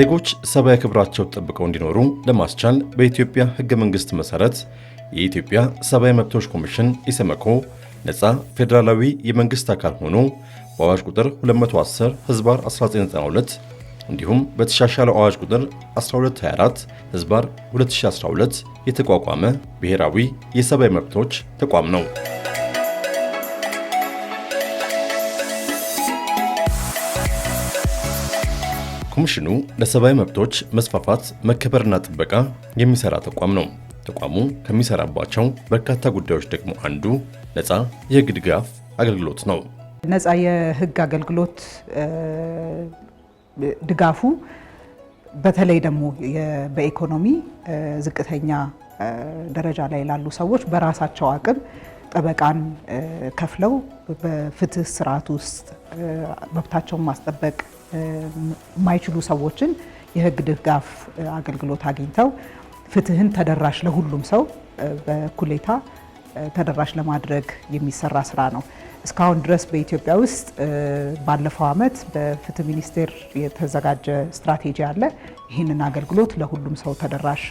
ዜጎች ሰብአዊ ክብራቸው ተጠብቀው እንዲኖሩ ለማስቻል በኢትዮጵያ ህገ መንግስት መሰረት የኢትዮጵያ ሰብአዊ መብቶች ኮሚሽን ኢሰመኮ ነፃ ፌዴራላዊ የመንግስት አካል ሆኖ በአዋጅ ቁጥር 210 ህዝባር 1992 እንዲሁም በተሻሻለው አዋጅ ቁጥር 1224 ህዝባር 2012 የተቋቋመ ብሔራዊ የሰብአዊ መብቶች ተቋም ነው። ኮሚሽኑ ለሰብአዊ መብቶች መስፋፋት መከበርና ጥበቃ የሚሰራ ተቋም ነው። ተቋሙ ከሚሰራባቸው በርካታ ጉዳዮች ደግሞ አንዱ ነፃ የህግ ድጋፍ አገልግሎት ነው። ነፃ የህግ አገልግሎት ድጋፉ በተለይ ደግሞ በኢኮኖሚ ዝቅተኛ ደረጃ ላይ ላሉ ሰዎች በራሳቸው አቅም ጠበቃን ከፍለው በፍትህ ስርዓት ውስጥ መብታቸውን ማስጠበቅ የማይችሉ ሰዎችን የህግ ድጋፍ አገልግሎት አግኝተው ፍትህን ተደራሽ ለሁሉም ሰው በኩሌታ ተደራሽ ለማድረግ የሚሰራ ስራ ነው። እስካሁን ድረስ በኢትዮጵያ ውስጥ ባለፈው ዓመት በፍትህ ሚኒስቴር የተዘጋጀ ስትራቴጂ አለ። ይህንን አገልግሎት ለሁሉም ሰው ተደራሽ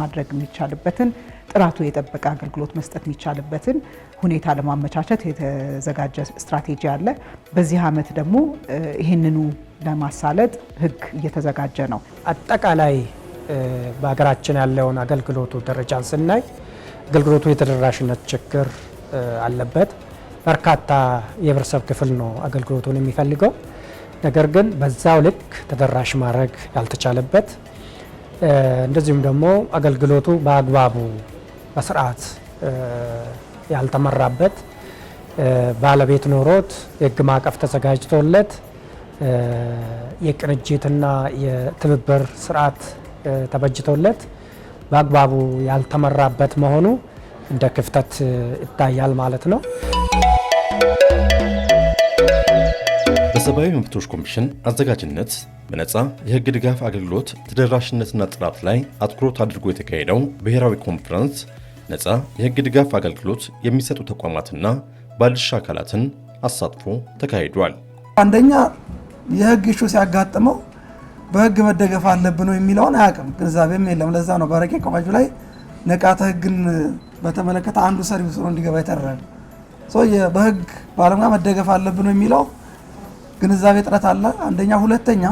ማድረግ የሚቻልበትን ጥራቱ የጠበቀ አገልግሎት መስጠት የሚቻልበትን ሁኔታ ለማመቻቸት የተዘጋጀ ስትራቴጂ አለ። በዚህ ዓመት ደግሞ ይህንኑ ለማሳለጥ ህግ እየተዘጋጀ ነው። አጠቃላይ በሀገራችን ያለውን አገልግሎቱ ደረጃን ስናይ አገልግሎቱ የተደራሽነት ችግር አለበት። በርካታ የህብረተሰብ ክፍል ነው አገልግሎቱን የሚፈልገው። ነገር ግን በዛው ልክ ተደራሽ ማድረግ ያልተቻለበት እንደዚሁም ደግሞ አገልግሎቱ በአግባቡ በስርዓት ያልተመራበት ባለቤት ኖሮት የህግ ማዕቀፍ ተዘጋጅቶለት የቅንጅትና የትብብር ስርዓት ተበጅቶለት በአግባቡ ያልተመራበት መሆኑ እንደ ክፍተት ይታያል ማለት ነው። በሰብአዊ መብቶች ኮሚሽን አዘጋጅነት በነፃ የህግ ድጋፍ አገልግሎት ተደራሽነትና ጥራት ላይ አትኩሮት አድርጎ የተካሄደው ብሔራዊ ኮንፈረንስ ነፃ የህግ ድጋፍ አገልግሎት የሚሰጡ ተቋማትና ባለድርሻ አካላትን አሳትፎ ተካሂዷል። አንደኛ የህግ ሹ ሲያጋጥመው በህግ መደገፍ አለብን ነው የሚለውን አያውቅም፣ ግንዛቤም የለም። ለዛ ነው በረቂቅ አዋጁ ላይ ንቃተ ህግን በተመለከተ አንዱ ሰርቪስ እንዲገባ የተደረገ በህግ ባለሙያ መደገፍ አለብን ነው የሚለው ግንዛቤ ጥረት አለ። አንደኛ። ሁለተኛ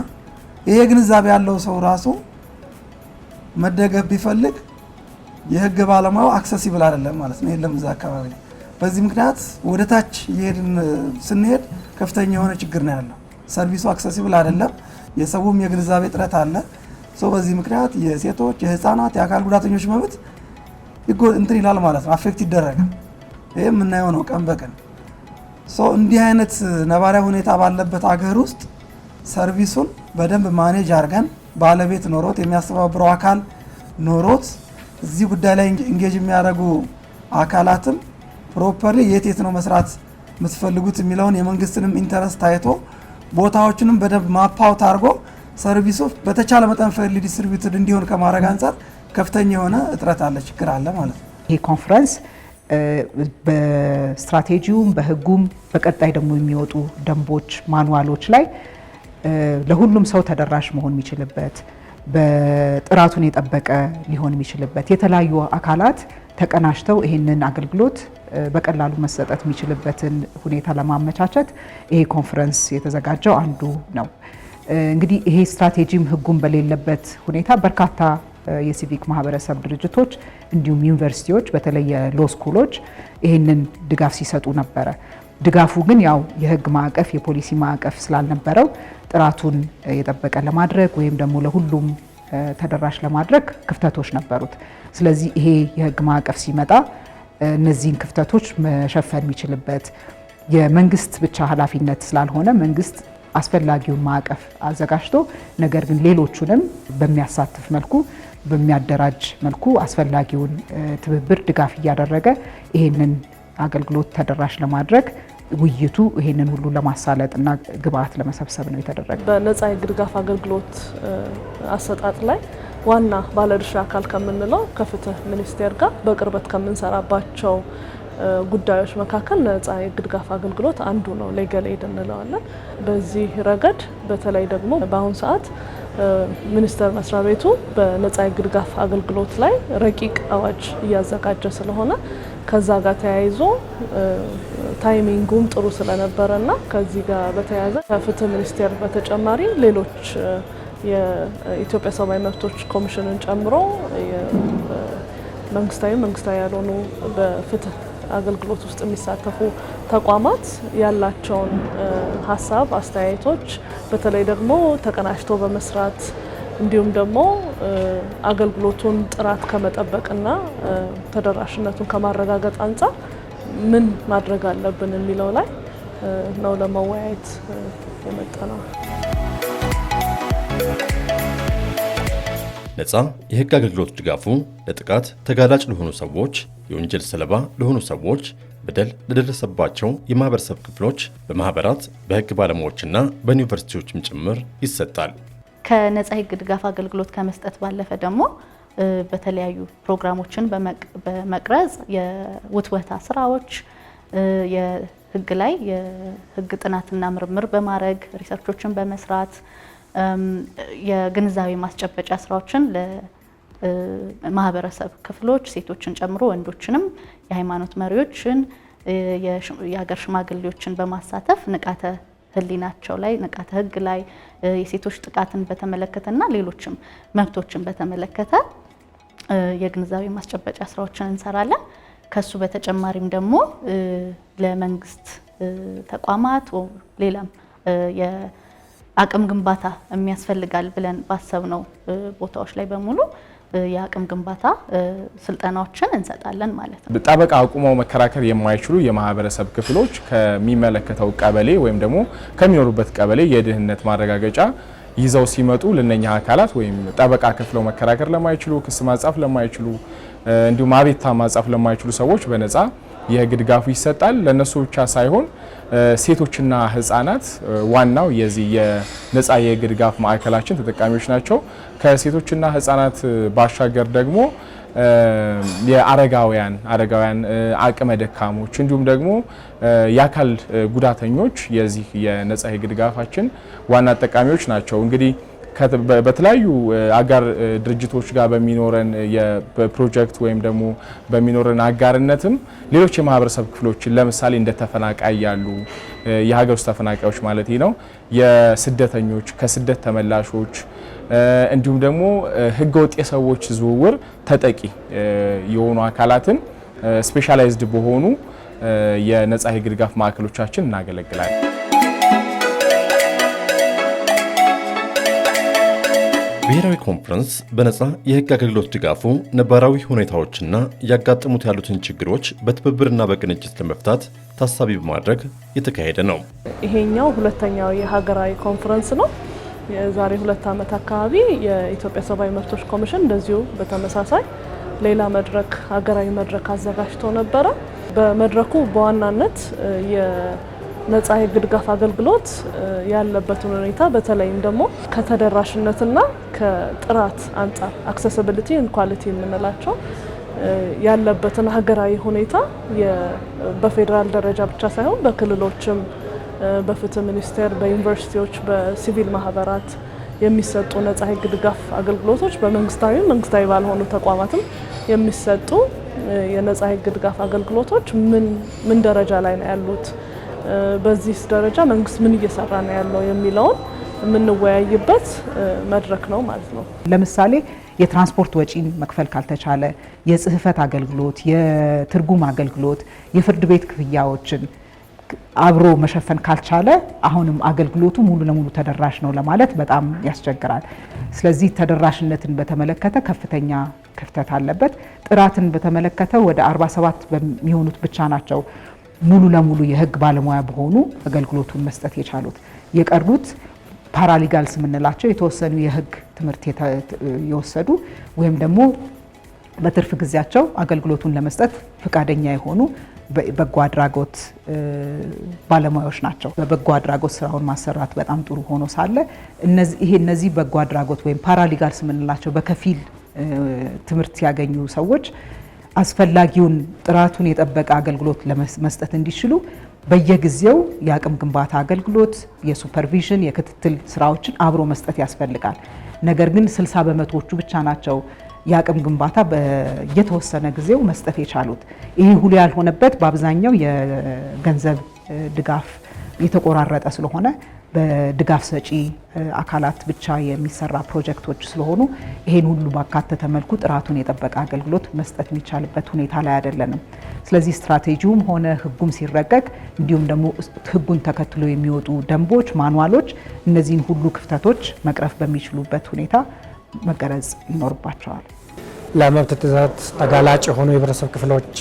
ይሄ ግንዛቤ ያለው ሰው ራሱ መደገፍ ቢፈልግ የህግ ባለሙያው አክሰሲብል አይደለም ማለት ነው፣ የለም እዛ አካባቢ ላይ። በዚህ ምክንያት ወደ ታች እየሄድን ስንሄድ ከፍተኛ የሆነ ችግር ነው ያለው። ሰርቪሱ አክሰሲብል አይደለም፣ የሰውም የግንዛቤ ጥረት አለ። በዚህ ምክንያት የሴቶች፣ የህፃናት፣ የአካል ጉዳተኞች መብት እንትን ይላል ማለት ነው፣ አፌክት ይደረጋል። ይህ የምናየው ነው ቀን በቀን እንዲህ አይነት ነባሪያ ሁኔታ ባለበት አገር ውስጥ ሰርቪሱን በደንብ ማኔጅ አድርገን ባለቤት ኖሮት የሚያስተባብረው አካል ኖሮት እዚህ ጉዳይ ላይ እንጌጅ የሚያደርጉ አካላትም ፕሮፐር የት የት ነው መስራት የምትፈልጉት የሚለውን የመንግስትንም ኢንተረስት ታይቶ ቦታዎችንም በደንብ ማፓውት አድርጎ ሰርቪሱ በተቻለ መጠን ፈሊ ዲስትሪቢዩትድ እንዲሆን ከማድረግ አንጻር ከፍተኛ የሆነ እጥረት አለ፣ ችግር አለ ማለት ነው። ይሄ ኮንፈረንስ በስትራቴጂውም በህጉም በቀጣይ ደግሞ የሚወጡ ደንቦች፣ ማኑዋሎች ላይ ለሁሉም ሰው ተደራሽ መሆን የሚችልበት በጥራቱን የጠበቀ ሊሆን የሚችልበት የተለያዩ አካላት ተቀናጅተው ይህንን አገልግሎት በቀላሉ መሰጠት የሚችልበትን ሁኔታ ለማመቻቸት ይሄ ኮንፈረንስ የተዘጋጀው አንዱ ነው። እንግዲህ ይሄ ስትራቴጂም ህጉን በሌለበት ሁኔታ በርካታ የሲቪክ ማህበረሰብ ድርጅቶች እንዲሁም ዩኒቨርሲቲዎች በተለይ የሎ ስኩሎች ይህንን ድጋፍ ሲሰጡ ነበረ። ድጋፉ ግን ያው የህግ ማዕቀፍ የፖሊሲ ማዕቀፍ ስላልነበረው ጥራቱን የጠበቀ ለማድረግ ወይም ደግሞ ለሁሉም ተደራሽ ለማድረግ ክፍተቶች ነበሩት። ስለዚህ ይሄ የህግ ማዕቀፍ ሲመጣ እነዚህን ክፍተቶች መሸፈን የሚችልበት የመንግስት ብቻ ኃላፊነት ስላልሆነ መንግስት አስፈላጊውን ማዕቀፍ አዘጋጅቶ ነገር ግን ሌሎቹንም በሚያሳትፍ መልኩ በሚያደራጅ መልኩ አስፈላጊውን ትብብር ድጋፍ እያደረገ ይሄንን አገልግሎት ተደራሽ ለማድረግ ውይይቱ ይሄንን ሁሉ ለማሳለጥና ግብአት ለመሰብሰብ ነው የተደረገ። በነጻ የሕግ ድጋፍ አገልግሎት አሰጣጥ ላይ ዋና ባለድርሻ አካል ከምንለው ከፍትህ ሚኒስቴር ጋር በቅርበት ከምንሰራባቸው ጉዳዮች መካከል ነጻ የሕግ ድጋፍ አገልግሎት አንዱ ነው። ሌገል ኤድ እንለዋለን። በዚህ ረገድ በተለይ ደግሞ በአሁኑ ሰዓት ሚኒስቴር መስሪያ ቤቱ በነጻ የሕግ ድጋፍ አገልግሎት ላይ ረቂቅ አዋጅ እያዘጋጀ ስለሆነ ከዛ ጋር ተያይዞ ታይሚንጉም ጥሩ ስለነበረና ከዚህ ጋር በተያያዘ ከፍትህ ሚኒስቴር በተጨማሪ ሌሎች የኢትዮጵያ ሰብአዊ መብቶች ኮሚሽንን ጨምሮ መንግስታዊ፣ መንግስታዊ ያልሆኑ በፍትህ አገልግሎት ውስጥ የሚሳተፉ ተቋማት ያላቸውን ሀሳብ፣ አስተያየቶች በተለይ ደግሞ ተቀናጅቶ በመስራት እንዲሁም ደግሞ አገልግሎቱን ጥራት ከመጠበቅና ተደራሽነቱን ከማረጋገጥ አንጻር ምን ማድረግ አለብን የሚለው ላይ ነው ለመወያየት የመጣ ነው። ነፃ የህግ አገልግሎት ድጋፉ ለጥቃት ተጋላጭ ለሆኑ ሰዎች፣ የወንጀል ሰለባ ለሆኑ ሰዎች፣ በደል ለደረሰባቸው የማህበረሰብ ክፍሎች በማህበራት በህግ ባለሙያዎችና በዩኒቨርሲቲዎችም ጭምር ይሰጣል። ከነጻ ህግ ድጋፍ አገልግሎት ከመስጠት ባለፈ ደግሞ በተለያዩ ፕሮግራሞችን በመቅረጽ የውትወታ ስራዎች የህግ ላይ የህግ ጥናትና ምርምር በማድረግ ሪሰርቾችን በመስራት የግንዛቤ ማስጨበጫ ስራዎችን ለማህበረሰብ ክፍሎች ሴቶችን ጨምሮ ወንዶችንም፣ የሃይማኖት መሪዎችን፣ የሀገር ሽማግሌዎችን በማሳተፍ ንቃተ ህሊናቸው ላይ ንቃተ ህግ ላይ የሴቶች ጥቃትን በተመለከተና ሌሎችም መብቶችን በተመለከተ የግንዛቤ ማስጨበጫ ስራዎችን እንሰራለን። ከሱ በተጨማሪም ደግሞ ለመንግስት ተቋማት ሌላም የአቅም ግንባታ የሚያስፈልጋል ብለን ባሰብነው ቦታዎች ላይ በሙሉ የአቅም ግንባታ ስልጠናዎችን እንሰጣለን ማለት ነው። ጠበቃ አቁመው መከራከር የማይችሉ የማህበረሰብ ክፍሎች ከሚመለከተው ቀበሌ ወይም ደግሞ ከሚኖሩበት ቀበሌ የድህነት ማረጋገጫ ይዘው ሲመጡ ለነኛ አካላት ወይም ጠበቃ ከፍለው መከራከር ለማይችሉ፣ ክስ ማጻፍ ለማይችሉ፣ እንዲሁም አቤቱታ ማጻፍ ለማይችሉ ሰዎች በነጻ የህግ ድጋፉ ይሰጣል። ለእነሱ ብቻ ሳይሆን ሴቶችና ህጻናት ዋናው የዚህ የነጻ የህግ ድጋፍ ማዕከላችን ተጠቃሚዎች ናቸው። ከሴቶችና ህጻናት ባሻገር ደግሞ የአረጋውያን አረጋውያን አቅመ ደካሞች እንዲሁም ደግሞ የአካል ጉዳተኞች የዚህ የነጻ የህግ ድጋፋችን ዋና ጠቃሚዎች ናቸው። እንግዲህ በተለያዩ አጋር ድርጅቶች ጋር በሚኖረን የፕሮጀክት ወይም ደግሞ በሚኖረን አጋርነትም ሌሎች የማህበረሰብ ክፍሎችን ለምሳሌ እንደ ተፈናቃይ ያሉ የሀገር ውስጥ ተፈናቃዮች ማለት ነው፣ የስደተኞች ከስደት ተመላሾች እንዲሁም ደግሞ ህገወጥ የሰዎች ዝውውር ተጠቂ የሆኑ አካላትን ስፔሻላይዝድ በሆኑ የነጻ የህግ ድጋፍ ማዕከሎቻችን እናገለግላለን። ብሔራዊ ኮንፈረንስ በነፃ የህግ አገልግሎት ድጋፉ ነባራዊ ሁኔታዎችና እያጋጠሙት ያሉትን ችግሮች በትብብርና በቅንጅት ለመፍታት ታሳቢ በማድረግ የተካሄደ ነው። ይሄኛው ሁለተኛው የሀገራዊ ኮንፈረንስ ነው። የዛሬ ሁለት ዓመት አካባቢ የኢትዮጵያ ሰብአዊ መብቶች ኮሚሽን እንደዚሁ በተመሳሳይ ሌላ መድረክ ሀገራዊ መድረክ አዘጋጅቶ ነበረ። በመድረኩ በዋናነት ነጻ የግድጋፍ ድጋፍ አገልግሎት ያለበትን ሁኔታ በተለይም ደግሞ ከተደራሽነትና ከጥራት አንጻር አክሰሲቢሊቲ ኤንድ ኳሊቲ የምንላቸው ያለበትን ሀገራዊ ሁኔታ በፌዴራል ደረጃ ብቻ ሳይሆን በክልሎችም በፍትህ ሚኒስቴር፣ በዩኒቨርሲቲዎች፣ በሲቪል ማህበራት የሚሰጡ ነጻ የሕግ ድጋፍ አገልግሎቶች በመንግስታዊ መንግስታዊ ባልሆኑ ተቋማትም የሚሰጡ የነጻ የሕግ ድጋፍ አገልግሎቶች ምን ምን ደረጃ ላይ ነው ያሉት በዚህ ደረጃ መንግስት ምን እየሰራ ነው ያለው የሚለውን የምንወያይበት መድረክ ነው ማለት ነው። ለምሳሌ የትራንስፖርት ወጪን መክፈል ካልተቻለ የጽህፈት አገልግሎት፣ የትርጉም አገልግሎት፣ የፍርድ ቤት ክፍያዎችን አብሮ መሸፈን ካልቻለ አሁንም አገልግሎቱ ሙሉ ለሙሉ ተደራሽ ነው ለማለት በጣም ያስቸግራል። ስለዚህ ተደራሽነትን በተመለከተ ከፍተኛ ክፍተት አለበት። ጥራትን በተመለከተ ወደ 47 በሚሆኑት ብቻ ናቸው ሙሉ ለሙሉ የህግ ባለሙያ በሆኑ አገልግሎቱን መስጠት የቻሉት። የቀሩት ፓራሊጋልስ የምንላቸው የተወሰኑ የህግ ትምህርት የወሰዱ ወይም ደግሞ በትርፍ ጊዜያቸው አገልግሎቱን ለመስጠት ፈቃደኛ የሆኑ በጎ አድራጎት ባለሙያዎች ናቸው። በበጎ አድራጎት ስራውን ማሰራት በጣም ጥሩ ሆኖ ሳለ ይሄ እነዚህ በጎ አድራጎት ወይም ፓራሊጋልስ የምንላቸው በከፊል ትምህርት ያገኙ ሰዎች አስፈላጊውን ጥራቱን የጠበቀ አገልግሎት ለመስጠት እንዲችሉ በየጊዜው የአቅም ግንባታ አገልግሎት፣ የሱፐርቪዥን፣ የክትትል ስራዎችን አብሮ መስጠት ያስፈልጋል። ነገር ግን 60 በመቶዎቹ ብቻ ናቸው የአቅም ግንባታ በየተወሰነ ጊዜው መስጠት የቻሉት። ይህ ሁሉ ያልሆነበት በአብዛኛው የገንዘብ ድጋፍ የተቆራረጠ ስለሆነ በድጋፍ ሰጪ አካላት ብቻ የሚሰራ ፕሮጀክቶች ስለሆኑ ይሄን ሁሉ ባካተተ መልኩ ጥራቱን የጠበቀ አገልግሎት መስጠት የሚቻልበት ሁኔታ ላይ አይደለንም። ስለዚህ ስትራቴጂውም ሆነ ሕጉም ሲረቀቅ እንዲሁም ደግሞ ሕጉን ተከትሎ የሚወጡ ደንቦች፣ ማንዋሎች እነዚህን ሁሉ ክፍተቶች መቅረፍ በሚችሉበት ሁኔታ መቀረጽ ይኖርባቸዋል። ለመብት ጥሰት ተጋላጭ የሆኑ የህብረተሰብ ክፍሎች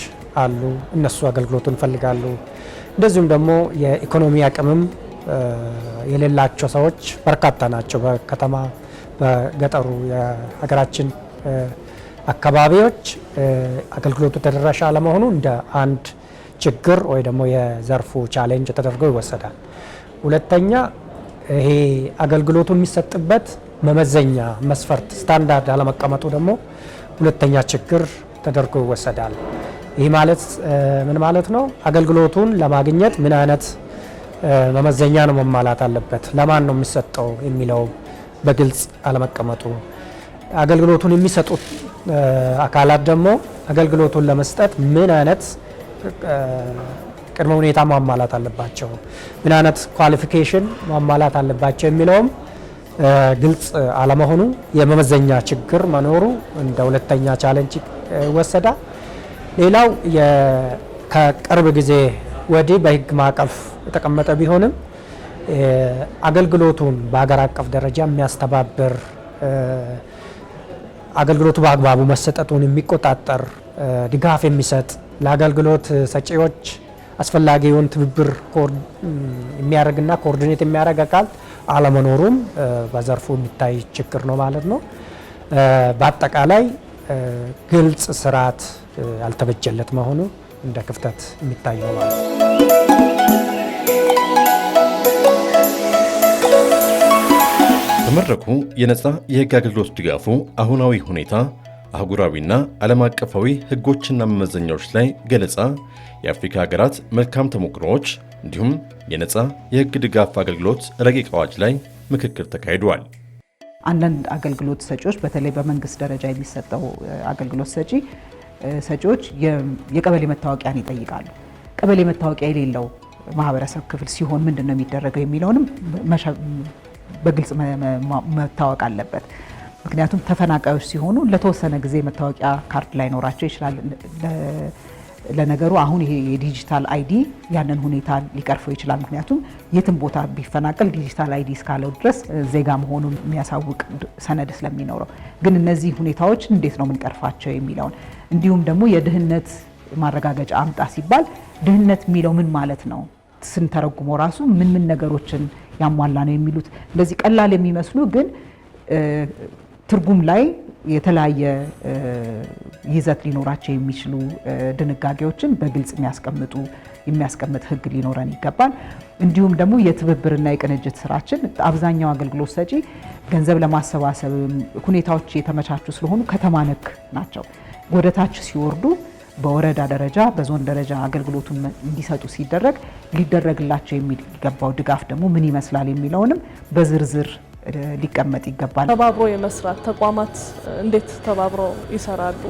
አሉ። እነሱ አገልግሎቱን ይፈልጋሉ። እንደዚሁም ደግሞ የኢኮኖሚ አቅምም የሌላቸው ሰዎች በርካታ ናቸው። በከተማ በገጠሩ የሀገራችን አካባቢዎች አገልግሎቱ ተደራሽ አለመሆኑ እንደ አንድ ችግር ወይ ደግሞ የዘርፉ ቻሌንጅ ተደርጎ ይወሰዳል። ሁለተኛ ይሄ አገልግሎቱ የሚሰጥበት መመዘኛ መስፈርት ስታንዳርድ አለመቀመጡ ደግሞ ሁለተኛ ችግር ተደርጎ ይወሰዳል። ይህ ማለት ምን ማለት ነው? አገልግሎቱን ለማግኘት ምን አይነት መመዘኛ ነው መሟላት አለበት። ለማን ነው የሚሰጠው የሚለው በግልጽ አለመቀመጡ፣ አገልግሎቱን የሚሰጡት አካላት ደግሞ አገልግሎቱን ለመስጠት ምን አይነት ቅድመ ሁኔታ ማሟላት አለባቸው፣ ምን አይነት ኳሊፊኬሽን ማሟላት አለባቸው የሚለውም ግልጽ አለመሆኑ የመመዘኛ ችግር መኖሩ እንደ ሁለተኛ ቻለንጅ ይወሰዳል። ሌላው ከቅርብ ጊዜ ወዲህ በህግ ማዕቀፍ የተቀመጠ ቢሆንም አገልግሎቱን በሀገር አቀፍ ደረጃ የሚያስተባብር አገልግሎቱ በአግባቡ መሰጠቱን የሚቆጣጠር ድጋፍ የሚሰጥ ለአገልግሎት ሰጪዎች አስፈላጊውን ትብብር የሚያደርግና ኮኦርዲኔት የሚያደርግ አካል አለመኖሩም በዘርፉ የሚታይ ችግር ነው ማለት ነው። በአጠቃላይ ግልጽ ስርዓት ያልተበጀለት መሆኑ እንደ ክፍተት የሚታይ ነው ማለት ነው። በመድረኩ የነፃ የሕግ አገልግሎት ድጋፉ አሁናዊ ሁኔታ፣ አህጉራዊና ዓለም አቀፋዊ ሕጎችና መመዘኛዎች ላይ ገለጻ፣ የአፍሪካ ሀገራት መልካም ተሞክሮዎች እንዲሁም የነፃ የሕግ ድጋፍ አገልግሎት ረቂቅ አዋጅ ላይ ምክክር ተካሂዷል። አንዳንድ አገልግሎት ሰጪዎች በተለይ በመንግስት ደረጃ የሚሰጠው አገልግሎት ሰጪ ሰጪዎች የቀበሌ መታወቂያን ይጠይቃሉ። ቀበሌ መታወቂያ የሌለው ማህበረሰብ ክፍል ሲሆን ምንድን ነው የሚደረገው የሚለውንም በግልጽ መታወቅ አለበት። ምክንያቱም ተፈናቃዮች ሲሆኑ ለተወሰነ ጊዜ መታወቂያ ካርድ ላይኖራቸው ይችላል። ለነገሩ አሁን ይሄ የዲጂታል አይዲ ያንን ሁኔታ ሊቀርፈው ይችላል። ምክንያቱም የትም ቦታ ቢፈናቀል ዲጂታል አይዲ እስካለው ድረስ ዜጋ መሆኑን የሚያሳውቅ ሰነድ ስለሚኖረው፣ ግን እነዚህ ሁኔታዎች እንዴት ነው የምንቀርፋቸው የሚለውን እንዲሁም ደግሞ የድህነት ማረጋገጫ አምጣ ሲባል ድህነት የሚለው ምን ማለት ነው ስንተረጉመው ራሱ ምን ምን ነገሮችን ያሟላ ነው የሚሉት እንደዚህ ቀላል የሚመስሉ ግን ትርጉም ላይ የተለያየ ይዘት ሊኖራቸው የሚችሉ ድንጋጌዎችን በግልጽ የሚያስቀምጡ የሚያስቀምጥ ህግ ሊኖረን ይገባል። እንዲሁም ደግሞ የትብብርና የቅንጅት ስራችን አብዛኛው አገልግሎት ሰጪ ገንዘብ ለማሰባሰብ ሁኔታዎች የተመቻቹ ስለሆኑ ከተማ ነክ ናቸው። ወደታች ሲወርዱ በወረዳ ደረጃ በዞን ደረጃ አገልግሎቱን እንዲሰጡ ሲደረግ ሊደረግላቸው የሚገባው ድጋፍ ደግሞ ምን ይመስላል የሚለውንም በዝርዝር ሊቀመጥ ይገባል። ተባብሮ የመስራት ተቋማት እንዴት ተባብረው ይሰራሉ?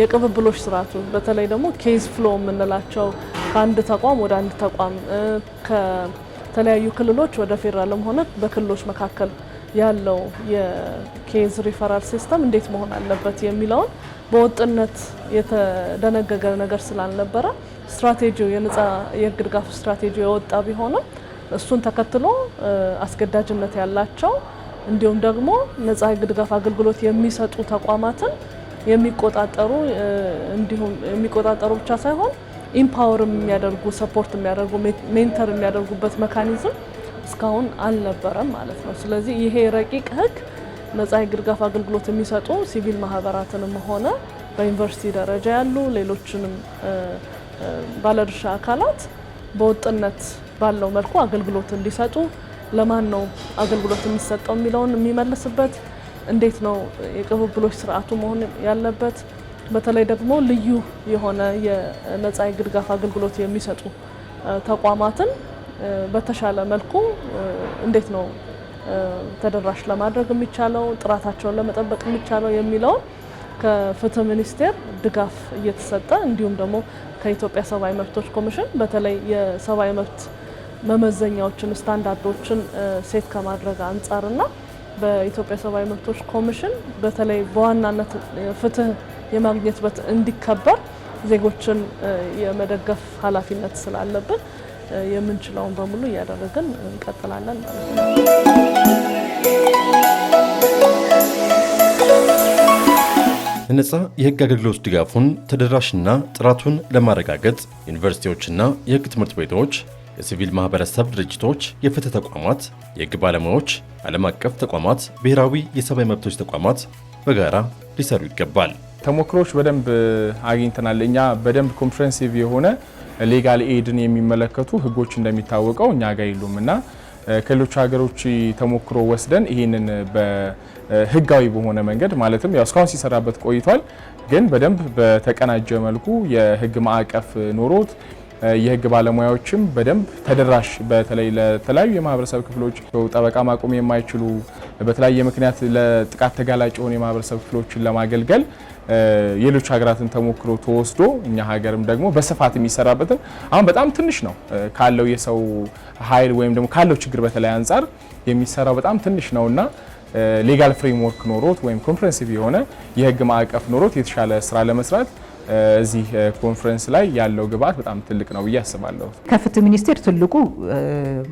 የቅብብሎች ስርዓቱ በተለይ ደግሞ ኬዝ ፍሎ የምንላቸው ከአንድ ተቋም ወደ አንድ ተቋም ከተለያዩ ክልሎች ወደ ፌዴራልም ሆነ በክልሎች መካከል ያለው የኬዝ ሪፈራል ሲስተም እንዴት መሆን አለበት የሚለውን በወጥነት የተደነገገ ነገር ስላልነበረ ስትራቴጂው የነጻ የሕግ ድጋፍ ስትራቴጂ የወጣ ቢሆንም እሱን ተከትሎ አስገዳጅነት ያላቸው እንዲሁም ደግሞ ነጻ የሕግ ድጋፍ አገልግሎት የሚሰጡ ተቋማትን የሚቆጣጠሩ እንዲሁም የሚቆጣጠሩ ብቻ ሳይሆን ኢምፓወር የሚያደርጉ ሰፖርት የሚያደርጉ ሜንተር የሚያደርጉበት መካኒዝም እስካሁን አልነበረም ማለት ነው። ስለዚህ ይሄ ረቂቅ ህግ ነጻ የግርጋፍ አገልግሎት የሚሰጡ ሲቪል ማህበራትንም ሆነ በዩኒቨርሲቲ ደረጃ ያሉ ሌሎችንም ባለድርሻ አካላት በወጥነት ባለው መልኩ አገልግሎት እንዲሰጡ ለማን ነው አገልግሎት የሚሰጠው የሚለውን የሚመልስበት እንዴት ነው የቅብብሎች ስርዓቱ መሆን ያለበት። በተለይ ደግሞ ልዩ የሆነ የነጻ የግርጋፍ አገልግሎት የሚሰጡ ተቋማትን በተሻለ መልኩ እንዴት ነው ተደራሽ ለማድረግ የሚቻለው ጥራታቸውን ለመጠበቅ የሚቻለው የሚለውን ከፍትህ ሚኒስቴር ድጋፍ እየተሰጠ እንዲሁም ደግሞ ከኢትዮጵያ ሰብአዊ መብቶች ኮሚሽን በተለይ የሰብአዊ መብት መመዘኛዎችን ስታንዳርዶችን ሴት ከማድረግ አንጻርና በኢትዮጵያ ሰብአዊ መብቶች ኮሚሽን በተለይ በዋናነት ፍትህ የማግኘት በት እንዲከበር ዜጎችን የመደገፍ ኃላፊነት ስላለብን የምንችለውን በሙሉ እያደረግን እንቀጥላለን ማለት ነው። ለነጻ የህግ አገልግሎት ድጋፉን ተደራሽና ጥራቱን ለማረጋገጥ ዩኒቨርሲቲዎችና የህግ ትምህርት ቤቶች፣ የሲቪል ማህበረሰብ ድርጅቶች፣ የፍትህ ተቋማት፣ የህግ ባለሙያዎች፣ ዓለም አቀፍ ተቋማት፣ ብሔራዊ የሰብአዊ መብቶች ተቋማት በጋራ ሊሰሩ ይገባል። ተሞክሮች በደንብ አግኝተናል። እኛ በደንብ ኮምፕሬንሲቭ የሆነ ሌጋል ኤድን የሚመለከቱ ህጎች እንደሚታወቀው እኛ ጋር የሉም እና ከሌሎች ሀገሮች ተሞክሮ ወስደን ይህንን በህጋዊ በሆነ መንገድ ማለትም ያው እስካሁን ሲሰራበት ቆይቷል፣ ግን በደንብ በተቀናጀ መልኩ የህግ ማዕቀፍ ኖሮት የህግ ባለሙያዎችም በደንብ ተደራሽ በተለይ ለተለያዩ የማህበረሰብ ክፍሎች ጠበቃ ማቆም የማይችሉ በተለያየ ምክንያት ለጥቃት ተጋላጭ የሆኑ የማህበረሰብ ክፍሎችን ለማገልገል ሌሎች ሀገራትን ተሞክሮ ተወስዶ እኛ ሀገርም ደግሞ በስፋት የሚሰራበትን አሁን በጣም ትንሽ ነው ካለው የሰው ኃይል ወይም ደግሞ ካለው ችግር በተለይ አንጻር የሚሰራው በጣም ትንሽ እና ሌጋል ፍሬምወርክ ኖሮት ወይም ኮምፕሬንሲቭ የሆነ የህግ ማዕቀፍ ኖሮት የተሻለ ስራ ለመስራት እዚህ ኮንፈረንስ ላይ ያለው ግብዓት በጣም ትልቅ ነው ብዬ አስባለሁ። ከፍትህ ሚኒስቴር ትልቁ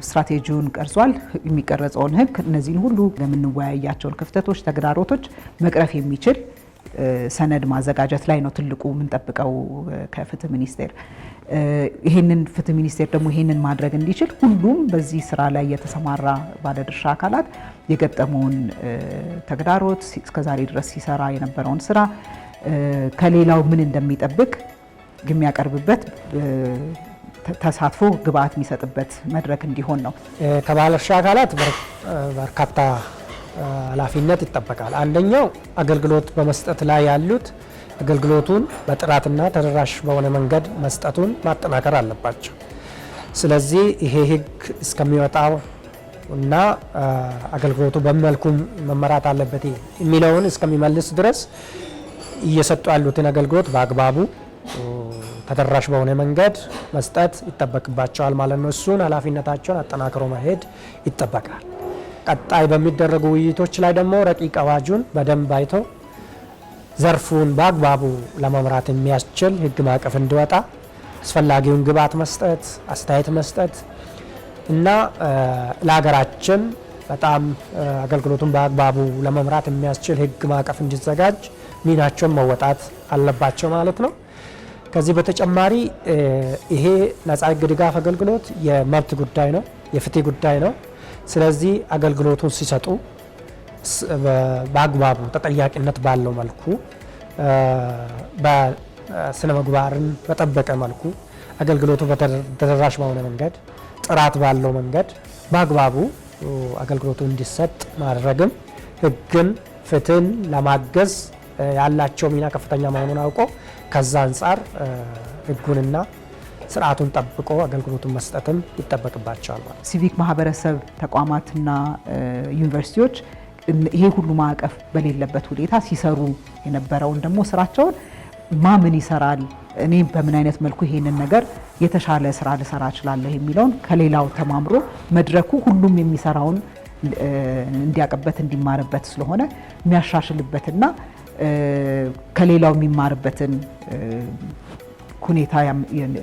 ስትራቴጂውን ቀርጿል። የሚቀረጸውን ህግ እነዚህን ሁሉ የምንወያያቸውን ክፍተቶች፣ ተግዳሮቶች መቅረፍ የሚችል ሰነድ ማዘጋጀት ላይ ነው ትልቁ የምንጠብቀው ከፍትህ ሚኒስቴር። ይህንን ፍትህ ሚኒስቴር ደግሞ ይህንን ማድረግ እንዲችል ሁሉም በዚህ ስራ ላይ የተሰማራ ባለድርሻ አካላት የገጠመውን ተግዳሮት እስከዛሬ ድረስ ሲሰራ የነበረውን ስራ ከሌላው ምን እንደሚጠብቅ የሚያቀርብበት ተሳትፎ ግብአት የሚሰጥበት መድረክ እንዲሆን ነው። ከባለድርሻ አካላት በርካታ ኃላፊነት ይጠበቃል። አንደኛው አገልግሎት በመስጠት ላይ ያሉት አገልግሎቱን በጥራትና ተደራሽ በሆነ መንገድ መስጠቱን ማጠናከር አለባቸው። ስለዚህ ይሄ ሕግ እስከሚወጣው እና አገልግሎቱ በመልኩ መመራት አለበት የሚለውን እስከሚመልስ ድረስ እየሰጡ ያሉትን አገልግሎት በአግባቡ ተደራሽ በሆነ መንገድ መስጠት ይጠበቅባቸዋል ማለት ነው። እሱን ኃላፊነታቸውን አጠናክሮ መሄድ ይጠበቃል። ቀጣይ በሚደረጉ ውይይቶች ላይ ደግሞ ረቂቅ አዋጁን በደንብ አይቶ ዘርፉን በአግባቡ ለመምራት የሚያስችል ሕግ ማዕቀፍ እንዲወጣ አስፈላጊውን ግብዓት መስጠት፣ አስተያየት መስጠት እና ለሀገራችን በጣም አገልግሎቱን በአግባቡ ለመምራት የሚያስችል ህግ ማዕቀፍ እንዲዘጋጅ ሚናቸውን መወጣት አለባቸው ማለት ነው። ከዚህ በተጨማሪ ይሄ ነጻ ህግ ድጋፍ አገልግሎት የመብት ጉዳይ ነው፣ የፍትህ ጉዳይ ነው። ስለዚህ አገልግሎቱን ሲሰጡ በአግባቡ ተጠያቂነት ባለው መልኩ በስነ ምግባርን በጠበቀ መልኩ አገልግሎቱ በተደራሽ በሆነ መንገድ ጥራት ባለው መንገድ በአግባቡ አገልግሎቱ እንዲሰጥ ማድረግም ህግን ፍትህን ለማገዝ ያላቸው ሚና ከፍተኛ መሆኑን አውቆ ከዛ አንጻር ህጉንና ስርዓቱን ጠብቆ አገልግሎቱን መስጠትም ይጠበቅባቸዋል ማለት ሲቪክ ማህበረሰብ ተቋማትና ዩኒቨርሲቲዎች ይሄ ሁሉ ማዕቀፍ በሌለበት ሁኔታ ሲሰሩ የነበረውን ደግሞ ስራቸውን ማምን ይሰራል፣ እኔ በምን አይነት መልኩ ይሄንን ነገር የተሻለ ስራ ልሰራ እችላለሁ የሚለውን ከሌላው ተማምሮ መድረኩ ሁሉም የሚሰራውን እንዲያቅበት እንዲማርበት ስለሆነ የሚያሻሽልበትና ከሌላው የሚማርበትን ሁኔታ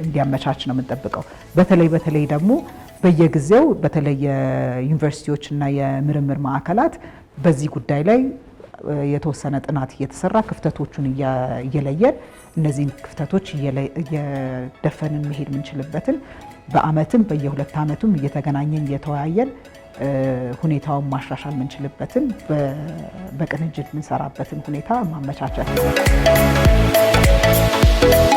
እንዲያመቻች ነው የምንጠብቀው። በተለይ በተለይ ደግሞ በየጊዜው በተለይ የዩኒቨርሲቲዎች እና የምርምር ማዕከላት በዚህ ጉዳይ ላይ የተወሰነ ጥናት እየተሰራ ክፍተቶቹን እየለየን እነዚህን ክፍተቶች እየደፈንን መሄድ የምንችልበትን በአመትም በየሁለት አመቱም እየተገናኘን እየተወያየን ሁኔታውን ማሻሻል የምንችልበትን በቅንጅት የምንሰራበትን ሁኔታ ማመቻቸት